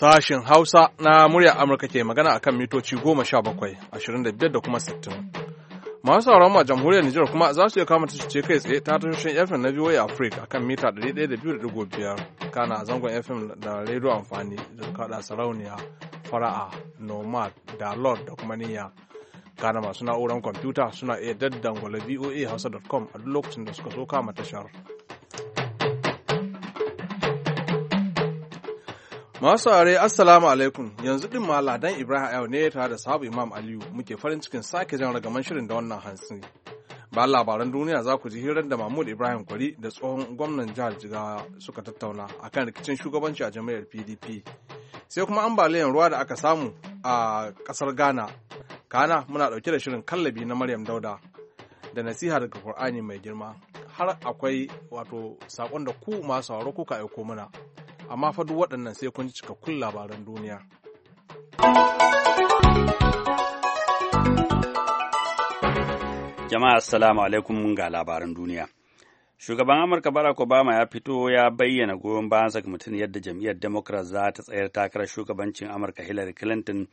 Sashen Hausa na murya Amurka ke magana akan mitoci goma sha bakwai, ashirin da biyar da kuma sittin. Masu sauran ma jamhuriyar Nijar kuma za su iya kama tashoce kai tsaye ta tashoshin FM na VOA Africa akan mita ɗari ɗaya 102.5 kana a zangon FM da rediyo amfani da kada sarauniya fara'a nomad da lord da kuma niyya kana masu na'urar kwamfuta suna iya daddangwala voa hausa.com a duk lokacin da suka so kama tashar. Masu are assalamu alaikum yanzu ɗin ma ladan Ibrahim yau ne tare da sabu Imam Aliyu muke farin cikin sake jan ragaman shirin da wannan hansu. Ba labaran duniya za ku ji hirar da Mahmud Ibrahim Kwari da tsohon gwamnan jihar Jigawa suka tattauna a kan rikicin shugabanci a jam'iyyar PDP. Sai kuma ambaliyan ruwa da aka samu a ƙasar Ghana. Kana muna ɗauke da shirin kallabi na Maryam Dauda da nasiha daga Kur'ani mai girma har akwai wato saƙon da ku masu sauraro kuka aiko mana. amma fa duk waɗannan sai kun ji cikakkun labaran duniya. Jama'a assalamu alaikum ga labaran duniya. Shugaban Amurka Barack Obama ya fito ya bayyana goyon bayansa ga mutum yadda jam'iyyar Democrat za ta tsayar takarar shugabancin Amurka Hillary Clinton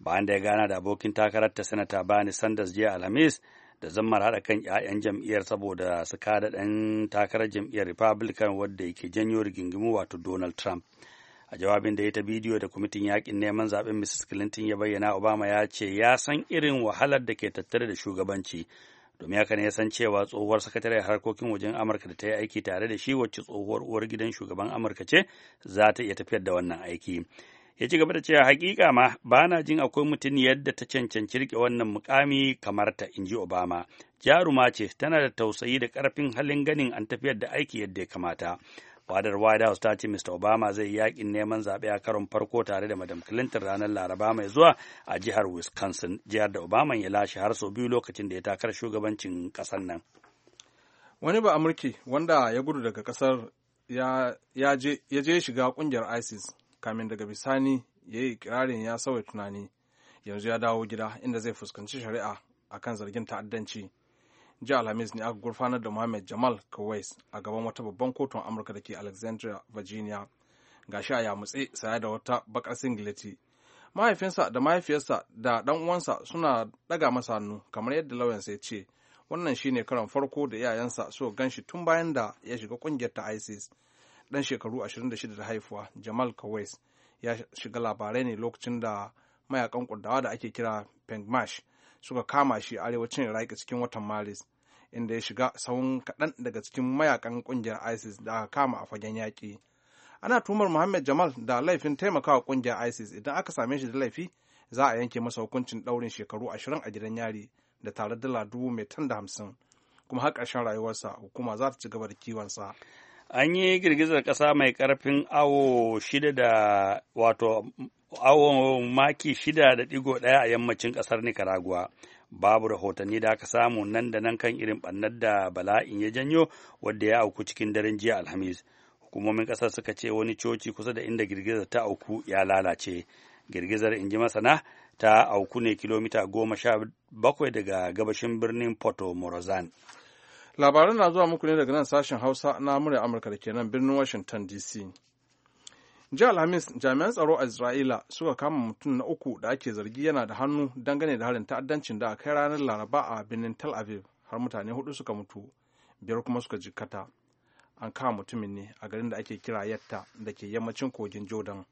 bayan da ya gana da abokin takararta Sanata bani Sanders jiya Alhamis da zammar haɗa kan 'ya'yan jam'iyyar saboda su kada ɗan takarar jam'iyyar republican wadda yake janyo rigingimu wato donald trump a jawabin da ya ta bidiyo da kwamitin yakin neman zaben mrs clinton ya bayyana obama ya ce ya san irin wahalar da ke tattare da shugabanci domin haka ne ya san cewa tsohuwar sakatare harkokin wajen amurka da ta yi aiki tare da shi wacce tsohuwar uwar gidan shugaban amurka ce za ta iya tafiyar da wannan aiki ya ci gaba da cewa hakika ma ba na jin akwai mutum yadda ta cancanci rike wannan mukami kamar ta inji obama jaruma ce tana da tausayi da karfin halin ganin an tafiyar da aiki yadda ya kamata fadar white house ta ce mr obama zai yakin neman zaɓe a karon farko tare da madam clinton ranar laraba mai zuwa a jihar wisconsin jihar da obama ya lashe har sau biyu lokacin da ya takar shugabancin ƙasar nan wani ba amurki wanda ya gudu daga kasar ya je shiga ƙungiyar isis kamin daga bisani ya yi kirarin ya sauya tunani yanzu ya dawo gida inda zai fuskanci shari'a a kan zargin ta'addanci ji alhamis ne aka gurfanar da muhammad jamal kawais a gaban wata babban kotun amurka da ke alexandria virginia ga shi a yamutse saya da wata bakar singleti mahaifinsa da mahaifiyarsa da dan uwansa suna daga masa hannu kamar yadda lauyansa ya ce wannan shine karon farko da iyayensa so shi tun bayan da ya shiga kungiyar ta isis ɗan shekaru 26 da haifuwa jamal kawais ya shiga labarai ne lokacin da mayakan kurdawa da ake kira pengmash suka kama shi arewacin iraki cikin watan maris inda ya shiga sahun kaɗan daga cikin mayakan ƙungiyar isis da aka kama a fagen yaƙi ana tumar muhammad jamal da laifin taimakawa ƙungiyar isis idan aka same shi da laifi za a yanke masa hukuncin ɗaurin shekaru ashirin a gidan yari da tare dala dubu mai tan da hamsin kuma har ƙarshen rayuwarsa hukuma za ta ci gaba da kiwonsa. an yi girgizar ƙasa mai ƙarfin awo shida da wato awo maki shida da ɗigo ɗaya a yammacin ƙasar nicaragua babu rahotanni da aka samu nan da nan kan irin ɓannar da bala'in ya janyo wadda ya auku cikin daren jiya alhamis hukumomin ƙasar suka ce wani coci kusa da inda girgizar ta auku ya lalace girgizar in ji masana ta auku ne kilomita goma sha bakwai daga gabashin birnin porto Morazan. labaran na zuwa muku ne daga nan sashen hausa na murya amurka da ke nan birnin washington dc jiya alhamis jami'an tsaro a isra'ila suka kama mutum na uku da ake zargi yana da hannu dangane da harin ta'addancin da aka ranar laraba a birnin tel aviv har mutane hudu suka mutu biyar kuma suka jikkata an kama mutumin ne a garin da ake kira yatta da ke yammacin kogin jordan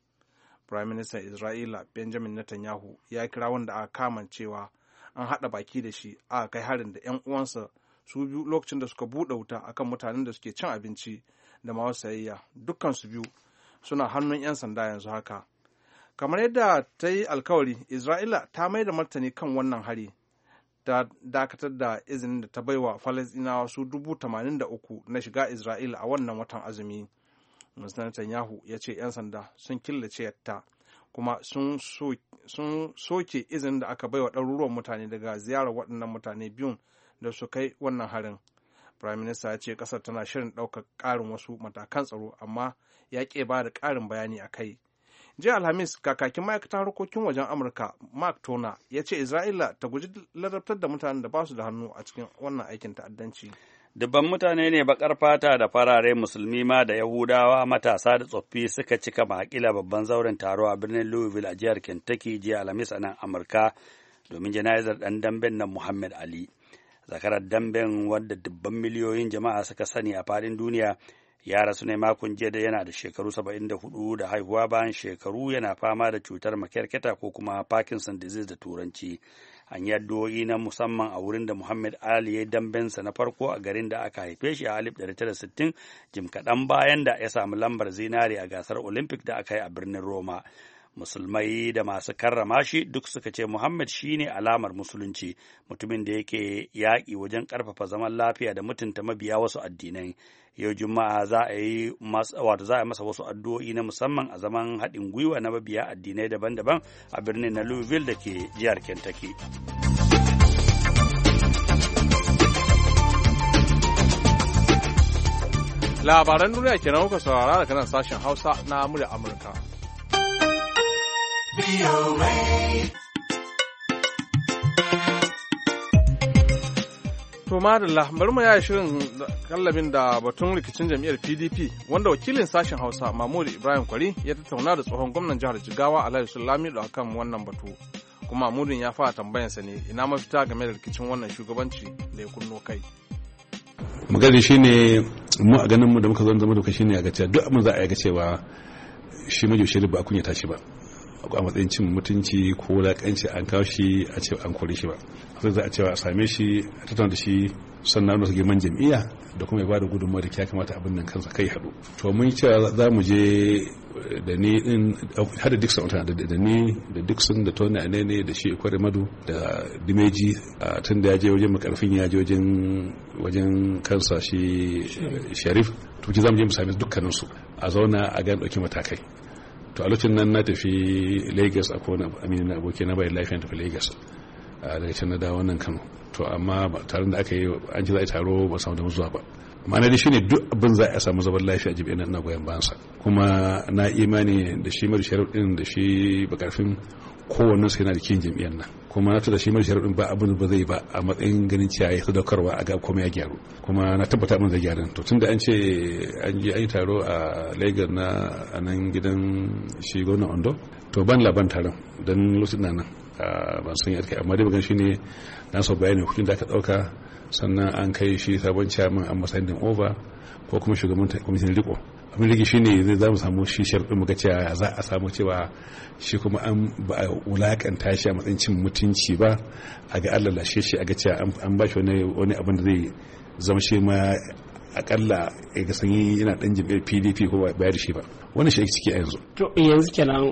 prime minister isra'ila benjamin netanyahu ya kira wanda aka kama cewa an haɗa baki da shi aka kai harin da 'yan uwansa su biyu lokacin da suka buɗe wuta akan mutanen da suke cin abinci da ma sayayya dukkan su biyu suna hannun 'yan sanda yanzu haka kamar yadda ta yi alkawari isra'ila ta mai da martani kan wannan hari ta dakatar da izinin da ta baiwa falasɗinawa su dubu tamanin da uku na shiga isra'ila a wannan watan azumi mr netanyahu ya ce 'yan sanda sun killace ta kuma sun soke izinin da aka baiwa ɗaruruwan mutane daga ziyarar waɗannan mutane biyun da su kai wannan harin prime minister ya ce kasar tana shirin ɗaukar ƙarin wasu matakan tsaro amma ya ke ba da ƙarin bayani a kai jiya alhamis kakakin ma'aikatan harkokin wajen amurka mark tona ya ce isra'ila ta guji ladabtar da mutanen da ba su da hannu a cikin wannan aikin ta'addanci dubban mutane ne bakar fata da farare musulmi ma da yahudawa matasa da tsoffi suka cika makila babban zauren taro a birnin louisville a jihar kentucky jiya alhamis a nan amurka domin jana'izar ɗan damben nan muhammad ali zakarar damben wadda dubban miliyoyin jama'a suka sani a faɗin duniya ya rasu ne makon jiya da yana da shekaru 74 da haihuwa bayan shekaru yana fama da cutar makerketa ko kuma parkinson disease da turanci an yi addu'o'i na musamman a wurin da muhammad ali ya dambensa na farko a garin da aka haife shi a 1960 jim kaɗan bayan da ya samu lambar zinare a gasar olympic da aka yi a birnin roma musulmai da masu karrama shi duk suka ce muhammad shine alamar musulunci mutumin da yake yaƙi wajen ƙarfafa zaman lafiya da mutunta mabiya wasu addinai yau juma'a za a yi wato za a masa wasu addu'o'i na musamman a zaman haɗin gwiwa na mabiya addinai daban-daban a birnin na louisville da ke jihar kentucky labaran duniya kenan kuka saurara daga nan sashen hausa na murya amurka To madalla bari mu yaya shirin kallabin da batun rikicin jam'iyyar PDP wanda wakilin sashen Hausa Mamudu Ibrahim Kwari ya tattauna da tsohon gwamnan jihar Jigawa Alhaji da kan wannan batu. Kuma Mahmudin ya fara tambayansa ne ina mafita game da rikicin wannan shugabanci da ya kunno kai. shi ne mu a ganin mu da muka zo zama kashi ne a gaciya duk abin za a yi cewa shi majo shirin ba a kunya tashi ba. a matsayin cin mutunci ko laƙanci an kawo shi a ce an kore shi ba sai za a cewa a same shi a tattauna da shi sannan da girman jam'iyya da kuma ya da gudunmawa da ya kamata abin nan kansa kai haɗu to mun cewa za mu je eh, da ni din har da Dixon da da ni da Dixon da Tony Anene da shi Kwari Madu da Dimeji tun da ya je wajen makarfin ya je wajen wajen kansa shi Sharif to ki za mu je mu same dukkanin su a zauna a ga dauki matakai to a lokacin nan na tafi lagos a kone aminu na aboki na bayan lafiya tafi lagos daga can na dawo nan kano to amma ba tare da aka yi an ji za a taro ba samu da zuwa ba ma'ana shi ne duk abin za a samu zaman lafiya a jibin na goyon bansa kuma na imani da shi mara sharif da shi bakarfin kowanne su yana da kiyin jam'iyyar nan kuma na tada shi mai sharaɗin ba abin ba zai ba a matsayin ganin cewa ya sadaukarwa a ga kuma ya gyaru kuma na tabbata abin zai gyaru to da an ce an je yi taro a Lagos na a nan gidan shi gwamnan Ondo to ban laban taron don lokacin na nan ban san yadda amma dai bugan shi ne na so bayani hukun da aka ɗauka sannan an kai shi sabon chairman a matsayin over ko kuma shugaban kwamitin riko abin shi ne zai za mu samu shi sharɗin muka cewa za a samu cewa shi kuma an ba a wulakanta shi a matsayin cin mutunci ba a ga allah lashe shi a ga cewa an ba shi wani abin da zai zama shi ma akalla ya ga sanyi yana dan jam'iyyar pdp ko ba da shi ba wani shi ciki a yanzu to eh, yanzu kenan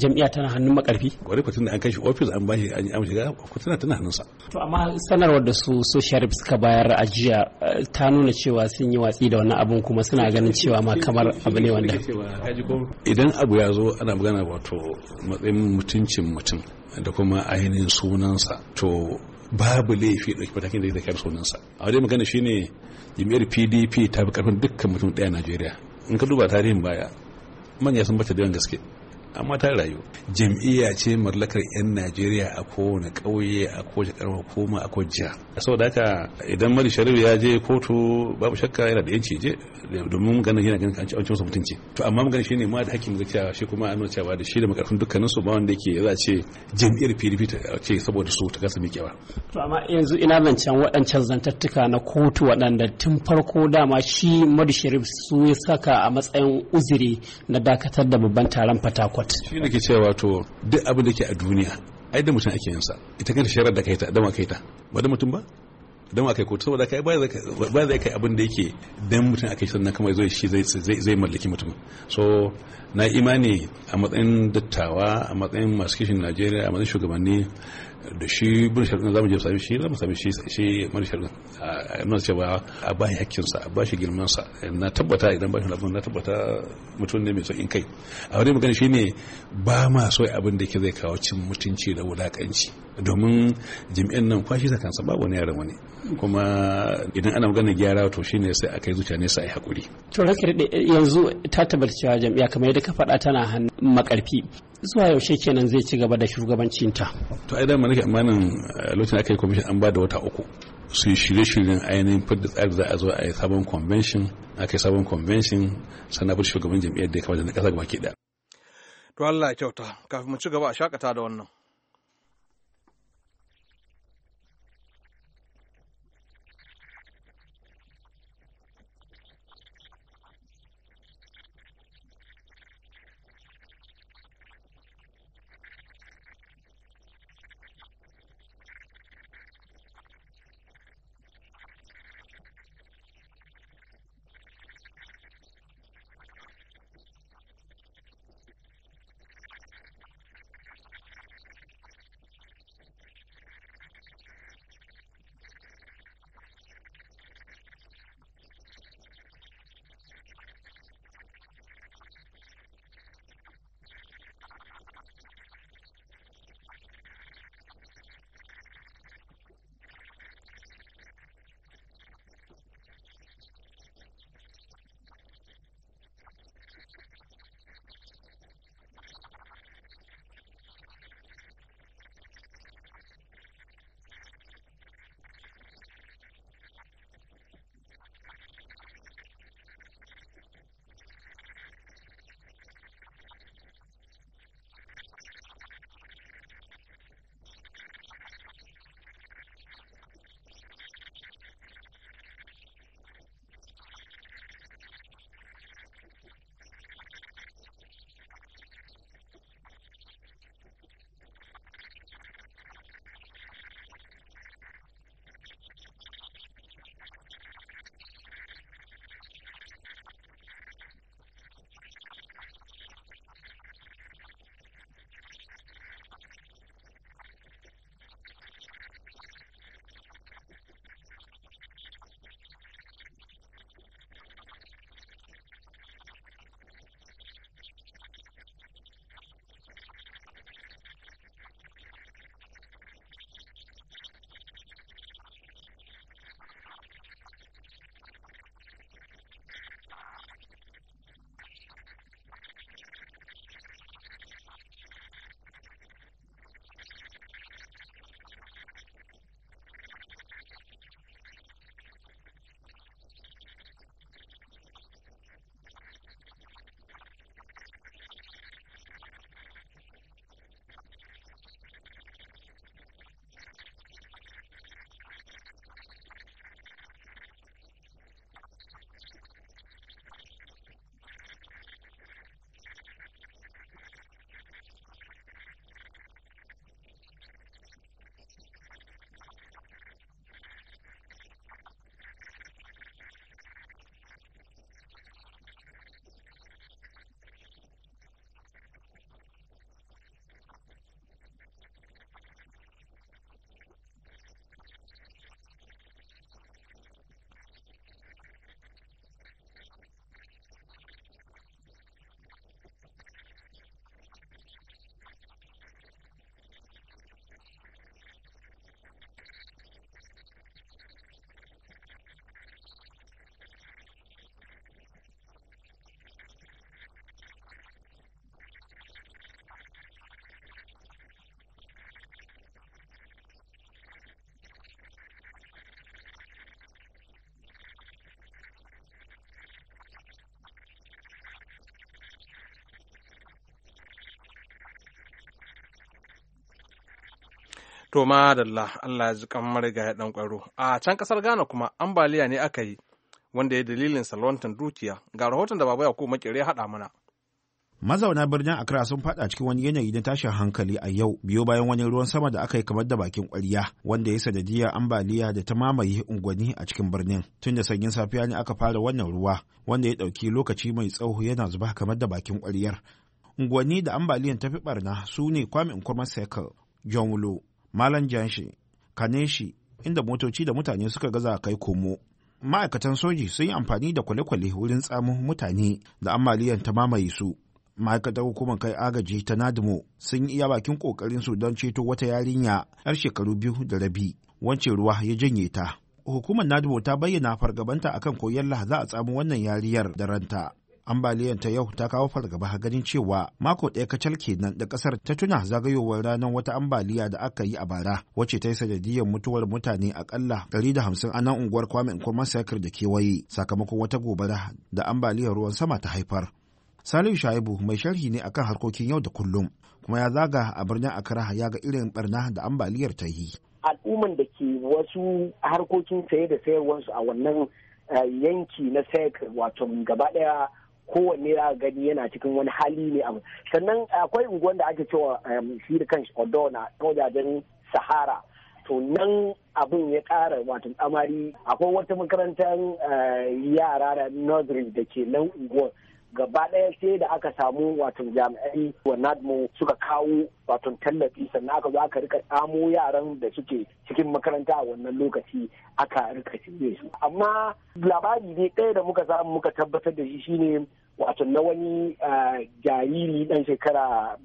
jam'iyya tana hannun makarfi wani kwatin da an kai ofis an bashi an yi shiga kwatina tana hannunsa to amma sanarwar da su su sharif suka bayar a jiya eh, ta nuna cewa sun yi watsi da wani abun kuma suna ganin cewa ma kamar abu ne wanda idan abu ya zo ana magana wato matsayin mutuncin mutum da kuma ainihin sunansa to babu laifi ɗauki matakin da zai da sunansa a wajen magana shine jam'iyyar pdp ta bi karfin dukkan mutum ɗaya najeriya in ka duba tarihin baya manya sun bata da yawan gaske amma ta rayu jam'iyya ce mallakar 'yan najeriya a kowane ƙauye a kowace ƙarfa koma a kowace jiha saboda haka idan mari sharif ya je kotu babu shakka yana da yanci je domin ganin yana ganin kan cewa masa mutunci to amma shi shine ma da hakkin ga cewa shi kuma an nuna cewa da shi da makarfin dukkanin su ba wanda yake za ce jam'iyyar pdp ta ce saboda su ta kasa miƙewa to amma yanzu ina zancen waɗancan zantattuka na kotu waɗanda tun farko dama shi mari sharif su ya saka a matsayin uzuri na dakatar da babban taron fatakwal comfort shi ne ke cewa to duk abin da ke a duniya ai da mutum ake yin sa ita kanta sharar da kai ta dama kai ta ba da mutum ba don kai ko saboda kai ba zai kai abin da yake dan mutum akai sannan kamar zai shi zai mallaki mutum so na imani a matsayin dattawa a matsayin masu kishin najeriya a matsayin shugabanni da shi bin shari'a zamu je sami shi zamu sami shi shi mun shari'a a ce cewa a ba shi hakkinsa a ba shi girmansa na tabbata idan ba shi labun na tabbata mutum ne mai sauƙin kai a wani magana shi ne ba ma so abin da ke zai kawo cin mutunci da wulakanci domin jami'an nan kwashi da kansa ba wani yaran wani kuma idan ana magana gyara to shine sai a kai zuciya ne sai a yi hakuri to yanzu ta tabbata cewa jami'a kamar yadda ka faɗa tana hannun makarfi zuwa yaushe kenan zai ci gaba da shugabancinta. to ai dama nake amanin eh, lokacin aka yi commission an ba da wata uku su yi shirye-shiryen ainihin fadda tsari za a zo a yi sabon convention aka yi sabon convention sannan fadda shugaban jam'iyyar da ya kamata na ƙasa gaba ke da. to Allah ya kyauta kafin mu ci gaba a shakata da wannan. To da Allah ya ji kamar ga ɗan ƙwaro. A can ƙasar Ghana kuma ambaliya ne aka yi wanda ya dalilin salwantar dukiya. Ga rahoton da Baba Yakubu Makere ya haɗa mana. mazauna birnin Accra sun fada cikin wani yanayi na tashin hankali a yau biyo bayan wani ruwan sama da aka yi kamar da bakin kwarya wanda ya sanadiyar ambaliya da ta mamaye unguwanni a cikin birnin tun da sanyin safiya ne aka fara wannan ruwa wanda ya dauki lokaci mai tsawo yana zuba kamar da bakin kwaryar unguwanni da ambaliyan ta fi barna su ne kwame nkrumah circle john malam janshi kaneshi inda motoci da mutane suka gaza kai komo ma'aikatan soji sun yi amfani da kwale-kwale wurin tsamin mutane da ambaliyar ta mamaye su ma'aikatar hukumar kai agaji ta nadimo sun yi iya bakin kokarin su don ceto wata yarinya yar shekaru biyu da rabi wance ruwa ya janye ta hukumar nadimo ta bayyana fargabanta akan koyon lahaza a tsamu wannan yariyar da ranta ambaliyar ta yau ta kawo fargaba ganin cewa mako ɗaya kacal kenan da ƙasar ta tuna zagayowar ranar wata ambaliya da aka yi a bara wacce ta yi sanadiyar mutuwar mutane akalla hamsin a nan unguwar kwame kuma sakar da kewaye sakamakon wata gobara da ambaliyar ruwan sama ta haifar Salihu Shaibu mai sharhi ne akan harkokin yau da kullum kuma ya zaga a birnin Accra ya ga irin barna da ambaliyar ta yi. Al'umman da ke wasu harkokin saye da sayarwarsu a wannan eh, yanki na SEC wato gaba daya kowanne za gani yana cikin wani hali ne abu sannan akwai unguwan da ake cewa um, shi da kan odona na wajajen sahara to nan abin ya kara wato amari akwai wata makarantar uh, yara da nursery da ke nan unguwar gaba ɗaya sai da aka samu wato jami'ai wa nadmo suka kawo wato tallafi sannan aka zo aka rika samo yaran da suke cikin makaranta a wannan lokaci aka rika cire su amma labari ne ɗaya da muka samu muka tabbatar da shi shine wato na wani jariri dan shekara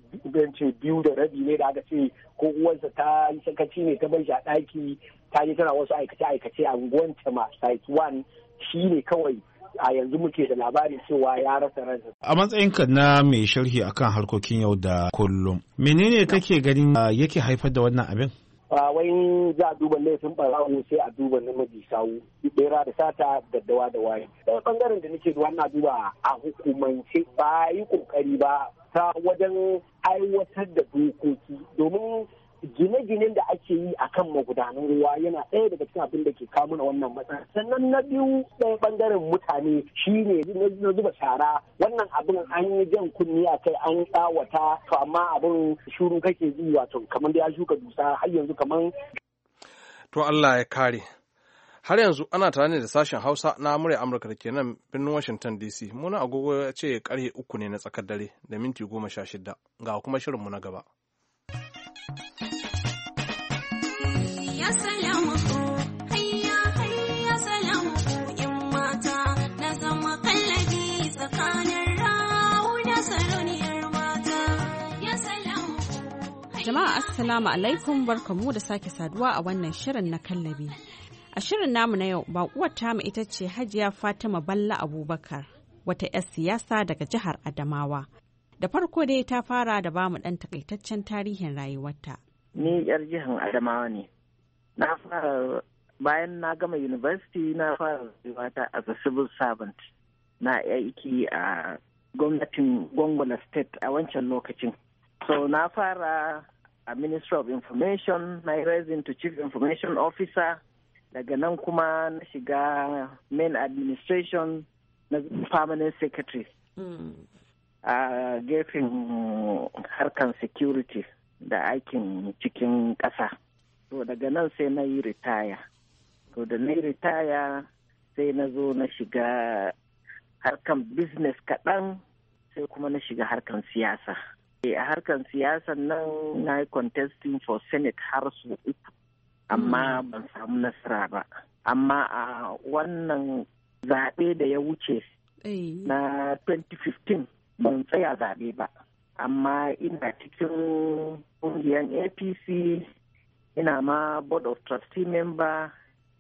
ce biyu da rabi ne da aka ce ko uwansa ta yi sakaci ne ta bai shi a ɗaki ta yi tana wasu aikace-aikace a ta ma site one shi ne kawai a yanzu muke da labarin cewa ya rasa ransa. A matsayinka na mai sharhi akan harkokin yau da kullum, menene kake ganin yake haifar da wannan abin? wai za a duba laifin barawo sai a duba namiji sawu bera da sata daddawa da waye daga bangaren da nake zuwa na duba a hukumance ba yi kokari ba ta wajen aiwatar da dokoki domin gine-ginen da ake yi a kan magudanan ruwa yana ɗaya daga cikin abin da ke kawo mana wannan matsala sannan na biyu ɗaya ɓangaren mutane shi ne na zuba shara wannan abin an yi jan kunni a kai an tsawata to amma abin shuru kake ji wato kamar da ya shuka dusa har yanzu kamar to Allah ya kare har yanzu ana tare ne da sashen hausa na murya amurka da ke nan birnin washington dc muna agogo ya ce karhe uku ne na tsakar dare da minti goma sha shida ga kuma shirinmu na gaba Jama'a Assalamu alaikum barkamu da sake saduwa a wannan shirin na kallabi. A shirin namu na yau bakuwar tamu ita ce Hajiya Fatima Balla Abubakar wata 'yar siyasa daga jihar Adamawa. Da farko dai ta fara da bamu dan takaitaccen tarihin rayuwarta. Ni 'yar jihar Adamawa ne. Na fara bayan na gama university na fara rayuwata as a civil servant. Na aiki a gwamnatin Gongola State a wancan lokacin. So na fara a ministry of information na rise to chief information officer daga nan kuma na shiga main administration na permanent secretary hmm. a gefen harkan security da aikin cikin ƙasa to daga nan sai na yi ritaya to da na yi ritaya sai na zo na shiga harkan business kaɗan sai kuma na shiga harkan siyasa Eh, a harkar siyasan nan na yi contesting for senate har su uku amma mm. ban samu nasara ba amma a wannan zaɓe da ya wuce na 2015 ban tsaya zaɓe ba amma ina cikin ƙungiyar apc ina ma board of trustee member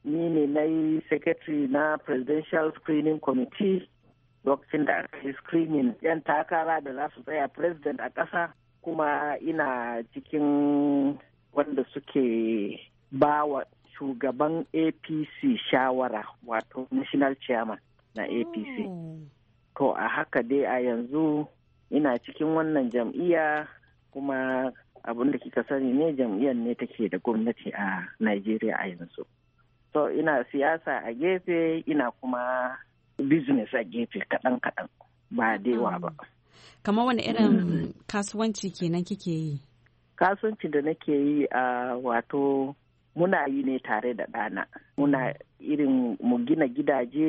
ni ne na yi secretary na presidential screening committee lokacin da aka yi screening yan takara da za su tsaya president a ƙasa kuma ina cikin wanda suke ba wa shugaban apc shawara wato national chairman na apc hmm. to a haka dai a yanzu ina cikin wannan jam'iyya kuma abin da kika sani ne jam'iyyar ne take da gwamnati a najeriya a yanzu so ina siyasa a gefe ina kuma business a gefe kaɗan kaɗan ba da yawa ba. Mm. Kamar wani irin mm. kasuwanci kenan kike yi? Kasuwanci da nake yi a wato muna yi ne tare da ɗana. Muna irin mu gina gidaje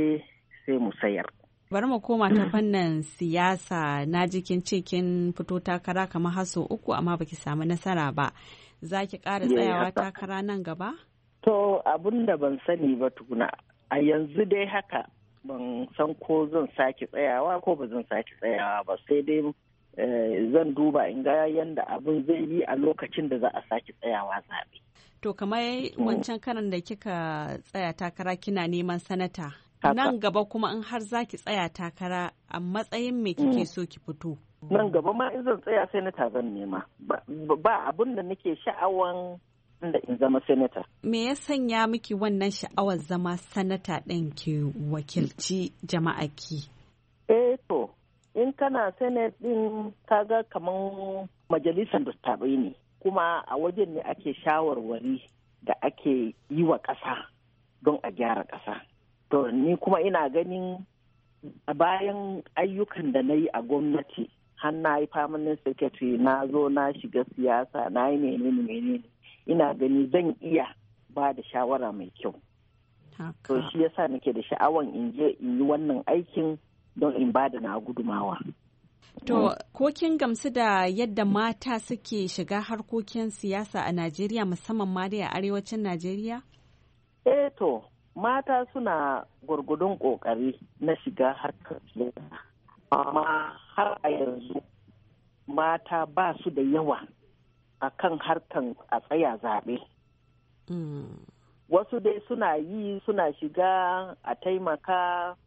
sai mu sayar. Bari mu koma ta mm. fannin siyasa na jikin cikin fito takara kamar haso uku amma baki samu nasara ba. Za ki ƙara eh, tsayawa takara nan gaba? To abun da ban sani ba tukuna. A yanzu dai haka ban san ko zan sake tsayawa ko ba zan sake tsayawa ba sai dai eh, zan duba in ga yadda abin zai yi a lokacin da za a sake tsayawa zaɓe. To kamar mm. wancan karan da kika tsaya takara kina neman sanata. Nan gaba kuma in har za ki tsaya takara a matsayin me mm. kike so ki fito. Nan gaba ma in zan tsaya sai na zan nema. Ba abun da nake sha'awan da in zama senator. Me ya sanya miki wannan sha'awar zama sanata ɗin ke wakilci jama'a ki. Eh to, in kana senate ɗin kaga kaman majalisar dattabai ne, kuma a wajen ne ake shawarwari da ake yi wa ƙasa don a gyara ƙasa. To, ni kuma ina ganin a bayan ayyukan da na yi a gwamnati, har na yi permanent secretary na zo na shiga siyasa na yi menene menene. ina gani zan iya ba da shawara mai kyau to shi yasa nake da sha'awan in je in yi wannan aikin don in ba da na gudumawa To, mm. ko kin gamsu da yadda mata suke shiga harkokin siyasa a Najeriya musamman ma dai a arewacin Najeriya? Eh to, mata suna gwargudun ƙoƙari na shiga harkar siyasa. Amma har a yanzu mata ba su da yawa a kan harkan a tsaya zaɓe. Mm. Wasu dai suna yi suna shiga a taimaka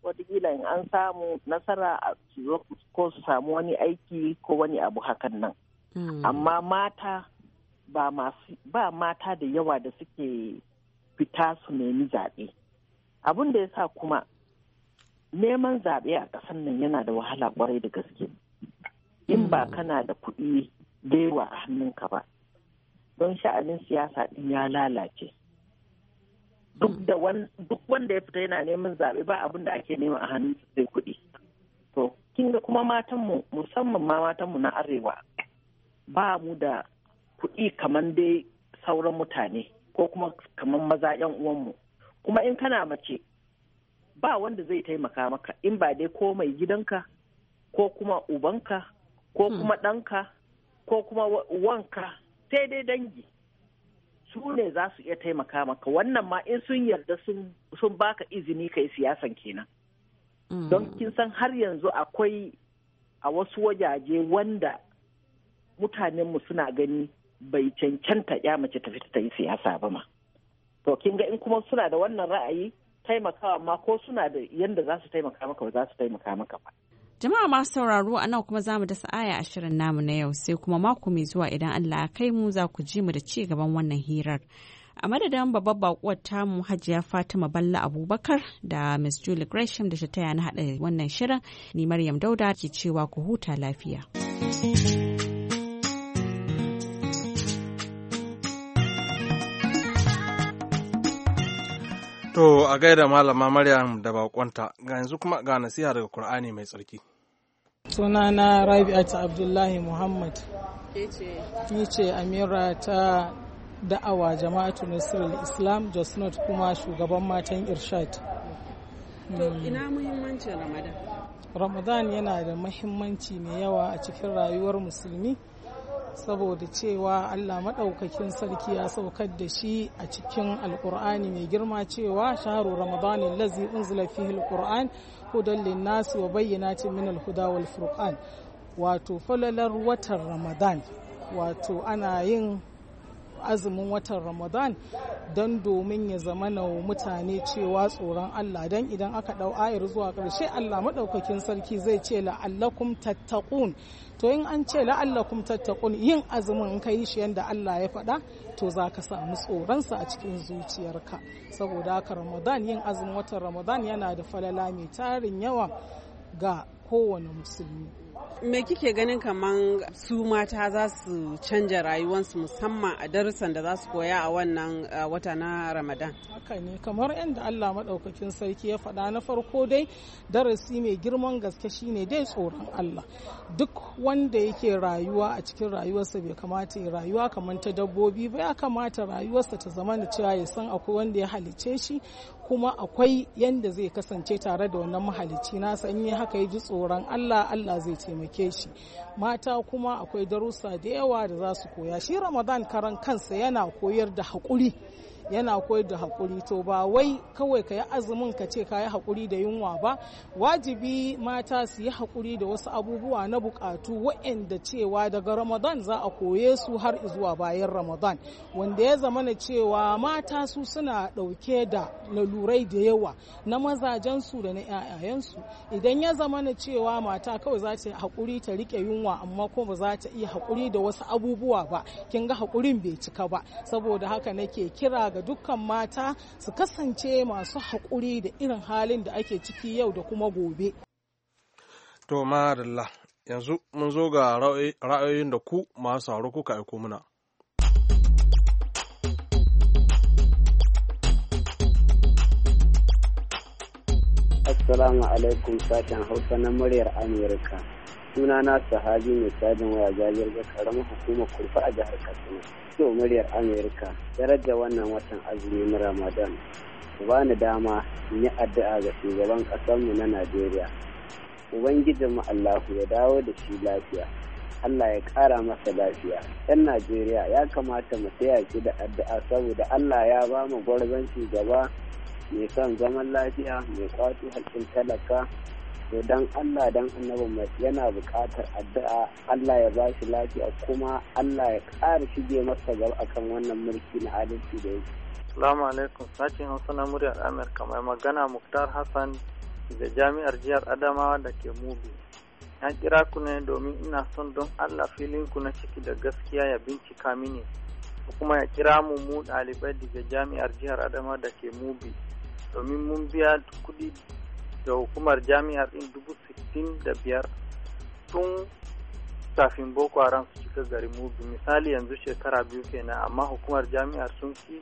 watakila in an samu nasara a ko su samu wani aiki ko wani abu hakan nan. Mm. Amma mata ba mata da yawa da suke fita su nemi zaɓe. Abin da ya sa kuma neman zaɓe a ƙasar nan yana da wahala ƙwarai da gaske. In ba mm. kana da kuɗi baiwa a hannunka ba don sha'anin siyasa din ya lalace duk wanda ya fita yana neman zaɓe ba abin da ake nema a hannun sai kuɗi to kin ga kuma matanmu musamman ma matanmu na arewa ba mu da kuɗi kamar dai sauran mutane ko kuma kamar maza yan uwanmu kuma in kana mace ba wanda zai taimaka maka in ba dai ko mai gidanka ko kuma ubanka ko hmm. kuma ɗanka ko kuma wanka sai dai dangi su ne za su iya taimaka maka wannan ma in sun yarda sun baka izini kai siyasan kenan mm. don kin san har yanzu akwai a wasu wajaje wanda mutanenmu suna gani bai cancanta ya mace tafi ta yi siyasa ba ma to kin ga in kuma suna da wannan ra'ayi taimakawa ma ko suna da yanda za su taimaka maka ba za su taimaka maka ba Jama'a masu sauraro a nan kuma za mu dasa aya a shirin namu na yau sai kuma mako mai zuwa idan Allah ya kai mu za ku ji mu da ci gaban wannan hirar. A madadin babbar bakuwar tamu Hajiya Fatima Balla Abubakar da Miss Julie Gresham da ta na haɗa wannan shirin ni Maryam Dauda ke cewa ku huta lafiya. To a gaida malama Maryam da bakonta ga yanzu kuma ga nasiha daga Kur'ani mai tsarki. Suna sunana rabi'atu abdullahi muhammad ni ce amira ta da'awa jama'atu nasirar islam just not kuma shugaban matan irshad hmm. ina muhimmancin ramadan ramadan yana da muhimmanci mai yawa a cikin rayuwar musulmi saboda cewa Allah maɗaukakin sarki ya saukar da shi a cikin Alƙur'ani mai girma cewa shaharu ramadani lazi unzila fihi ko hudan linnasi wa bayyana min alhuda wal furqan wato falalar watan ramadan wato ana yin azumin watan ramadan don domin ya zama na mutane cewa tsoron allah don idan aka ɗau ayar zuwa karshe allah maɗaukakin sarki zai ce la'allakum tattaqun to in an ce la'allakum tattaqun yin azumin in ka yi shi yadda allah ya faɗa to za ka samu tsoronsa a cikin zuciyarka saboda haka ramadan yin azumin watan ramadan yana da falala mai tarin yawa ga kowane musulmi Me kike ganin kamar su mata za su canja rayuwarsu musamman a darussan da za su koya a wannan wata na Ramadan? Haka ne, kamar yadda Allah maɗaukakin sarki ya faɗa na farko dai darasi mai girman gaske shine dai tsoron Allah. Duk wanda yake rayuwa a cikin rayuwarsa bai kamata ya rayuwa kamar ta dabbobi ba ya kamata rayuwarsa ta zama da cewa ya san akwai wanda ya halice shi kuma akwai yanda zai kasance tare da wannan mahalicci na san yi haka ya ji tsoron Allah Allah zai taimake shi mata kuma akwai darussa da yawa da za su koya shi Ramadan karan kansa yana koyar da haƙuri yana koyar da hakuri to ba wai kawai ka yi azumin ka ce ka yi haƙuri da yunwa ba wajibi mata su yi haƙuri da wasu abubuwa na buƙatu waɗanda cewa daga ramadan za a koye su har zuwa bayan ramadan wanda ya zama na cewa mata su suna ɗauke da lalurai da yawa na mazajensu da na 'ya'yayensu idan ya zama na cewa mata kawai za ta haƙuri ta riƙe yunwa amma ko ba za ta iya haƙuri da wasu abubuwa ba kin ga haƙurin bai cika ba saboda haka nake kira ga ga dukkan mata su kasance masu haƙuri da irin halin da ake ciki yau da kuma gobe. To madalla yanzu mun zo ga ra'ayoyin da ku masu sauro kuka aiko muna. Assalamu alaikum sashen Hausa na muryar Amurka. suna na sahabi mai cajin waya jajir ga karamar hukumar kurfa a jihar katsina so muryar amerika daraja wannan watan azumi na ramadan ku ba ni dama in yi addu'a ga shugaban ƙasarmu na najeriya ubangijinmu allahu ya dawo da shi lafiya allah ya ƙara masa lafiya yan najeriya ya kamata mu taya shi da addu'a saboda allah ya ba mu gwarzon shugaba mai son zaman lafiya mai kwato haƙƙin talaka to dan Allah dan annabin mai yana buƙatar addu'a Allah ya ba shi lafiya kuma Allah ya ƙara shige masa gaba akan wannan mulki na adalci da yake Assalamu alaikum sashen Hausa na muryar Amurka mai magana Muktar Hassan da jami'ar jihar Adamawa da ke Mubi na kira ku ne domin ina son don Allah filin ku na ciki da gaskiya ya bincika mini kuma ya kira mu mu ɗalibai daga jami'ar jihar Adamawa da ke Mubi domin mun biya kuɗi da hukumar jami'ar din dubu sittin da biyar tun kafin boko haram su cika gari mubi misali yanzu shekara biyu kenan amma hukumar jami'ar sun ki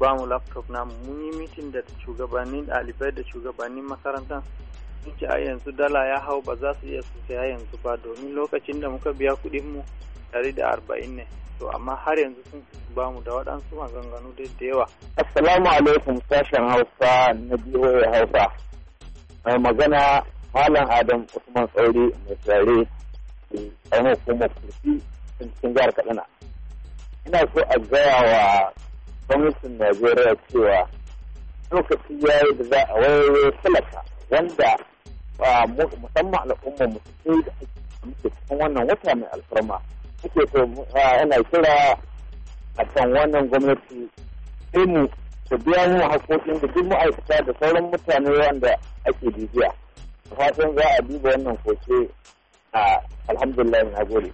ba mu laptop namu mun yi mitin da shugabannin ɗalibai da shugabannin makarantar sun ce a yanzu dala ya hau ba za su iya su saya yanzu ba domin lokacin da muka biya kuɗin mu ɗari da arba'in ne to amma har yanzu sun ba mu da waɗansu maganganu da yawa. Assalamu alaikum sashen Hausa na biyo Hausa. mai magana malam adam usman tsauri mai tsare yi hukumar kurfi cikin jihar kaduna ina so a gaya wa gwamnatin najeriya cewa lokaci ya yi da za a wayoyi talaka wanda musamman al'ummar musulmi da muke cikin wannan wata mai alfarma ake so yana kira a kan wannan gwamnati sai ta biya mu haƙoƙin da duk ma'aikata da sauran mutane wanda ake bibiya fatan za a duba wannan koce a alhamdulillah na gode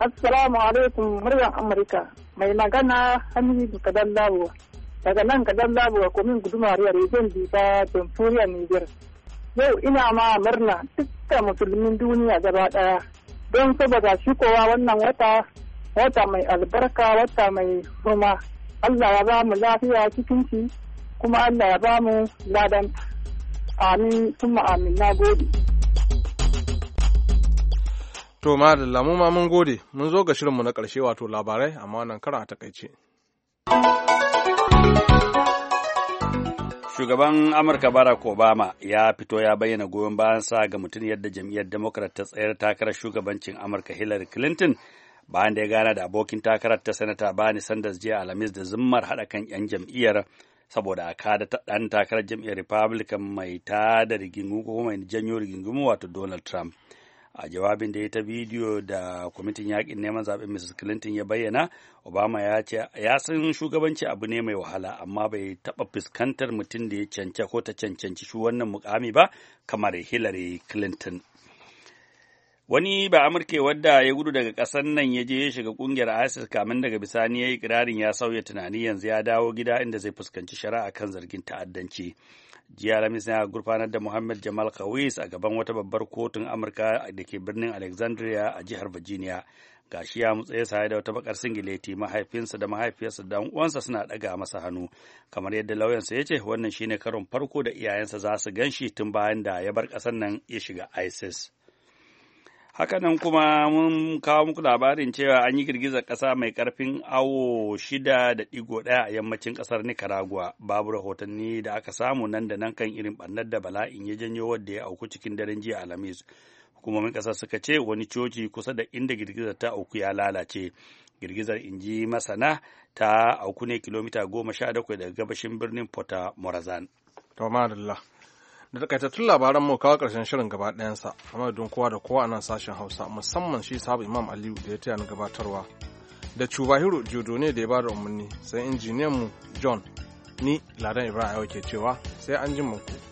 assalamu alaikum muryar amurka mai magana hamidu kadan labuwa daga nan kadan labuwa komin guduma riyar zan biba jamhuriyar niger yau ina ma murna dukkan musulmin duniya gaba daya don saboda shukowa wannan wata wata mai albarka wata mai hurma Allah ya ba mu lafiya cikin shi kuma Allah ya ba mu ladan amin kuma amin na gode. To ma da lamu ma mun gode mun zo ga shirinmu na ƙarshe wato labarai amma wannan karan a takaice. Shugaban Amurka Barack Obama ya fito ya bayyana goyon bayansa ga mutum yadda jam'iyyar Democrat ta tsayar takarar shugabancin Amurka Hillary Clinton bayan da ya gana da abokin takarar ta sanata bani sanders jiya alhamis da zimmar haɗa kan 'yan jam'iyyar saboda a kada ta ɗan takarar jam'iyyar republican mai ta da rigingimu ko mai janyo rigingimu wato donald trump a jawabin da ya ta bidiyo da kwamitin yakin neman zaɓen mrs clinton ya bayyana obama ya ce ya san shugabanci abu ne mai wahala amma bai taɓa fuskantar mutum da ya cancanci ko ta cancanci shi wannan mukami ba kamar hillary clinton Wani ba Amurke wadda ya gudu daga ƙasar nan ya je ya shiga ƙungiyar ISIS kamin daga bisani ya yi ƙirarin ya sauya tunani yanzu ya dawo gida inda zai fuskanci shari'a kan zargin ta'addanci. Jiya lamis ya gurfanar da Muhammad Jamal Kawis a gaban wata babbar kotun Amurka da ke birnin Alexandria a jihar Virginia. gashi ya mutsaye saye da wata bakar singileti mahaifinsa da mahaifiyarsa da uwansa suna daga masa hannu kamar yadda lauyansa ya ce wannan shine karon farko da iyayensa za su gan shi tun bayan da ya bar ƙasar nan ya shiga isis Hakanan kuma mun kawo muku labarin cewa an yi girgizar ƙasa mai ƙarfin awo shida da ɗigo ɗaya a yammacin ƙasar Nicaragua. Babu rahotanni da aka samu nan da nan kan irin ɓannar da bala'in ya janyo wadda ya auku cikin daren jiya Alhamis. Hukumomin ƙasar suka ce wani coci kusa da inda girgizar ta auku ya lalace. Girgizar inji masana ta auku ne kilomita goma sha dakwai daga gabashin birnin Porta Morazan. da takaitattun labaran mu kawo karshen shirin gaba ɗayansa amma madadin kowa da kowa a nan sashen hausa musamman shi sabu imam aliyu da ya taya ni gabatarwa da cubahiro jodo ne da ya bada umarni sai injiniyan mu john ni ladan ibrahim ke cewa sai an ji ku.